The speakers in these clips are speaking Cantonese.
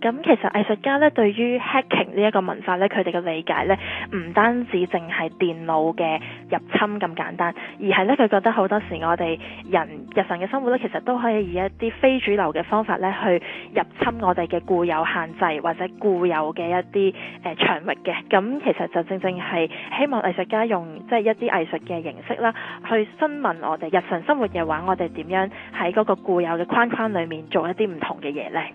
咁其實藝術家咧對於 hacking 呢一個文化咧，佢哋嘅理解咧唔單止淨係電腦嘅入侵咁簡單，而係咧佢覺得好多時我哋人日常嘅生活咧，其實都可以以一啲非主流嘅方法咧去入侵我哋嘅固有限制或者固有嘅一啲誒場域嘅。咁其實就正正係希望藝術家用即係一啲藝術嘅形式啦，去詢問我哋日常生活嘅話，我哋點樣喺嗰個固有嘅框框裡面做一啲唔同嘅嘢咧？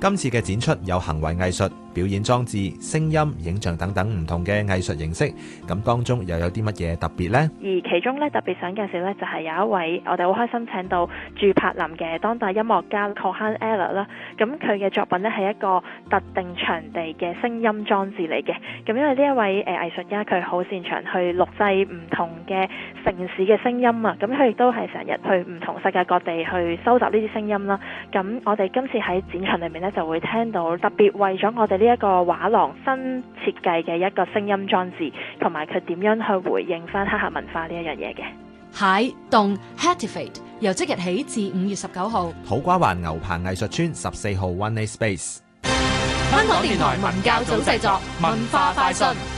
今次嘅展出有行為藝術、表演裝置、聲音、影像等等唔同嘅藝術形式，咁當中又有啲乜嘢特別咧？而其中咧特別想介紹咧，就係有一位我哋好開心請到駐柏林嘅當代音樂家 Kohan Eller 啦。咁佢嘅作品咧係一個特定場地嘅聲音裝置嚟嘅。咁因為呢一位誒藝術家佢好擅長去錄製唔同嘅城市嘅聲音啊。咁佢亦都係成日去唔同世界各地去收集呢啲聲音啦。咁我哋今次喺展場裏面，就會聽到特別為咗我哋呢一個畫廊新設計嘅一個聲音裝置，同埋佢點樣去回應翻黑客文化呢一樣嘢嘅。喺《Don Heritage》，由即日起至五月十九號，土瓜灣牛棚藝術村十四號 One A Space。香港電台文教組製作文化快訊。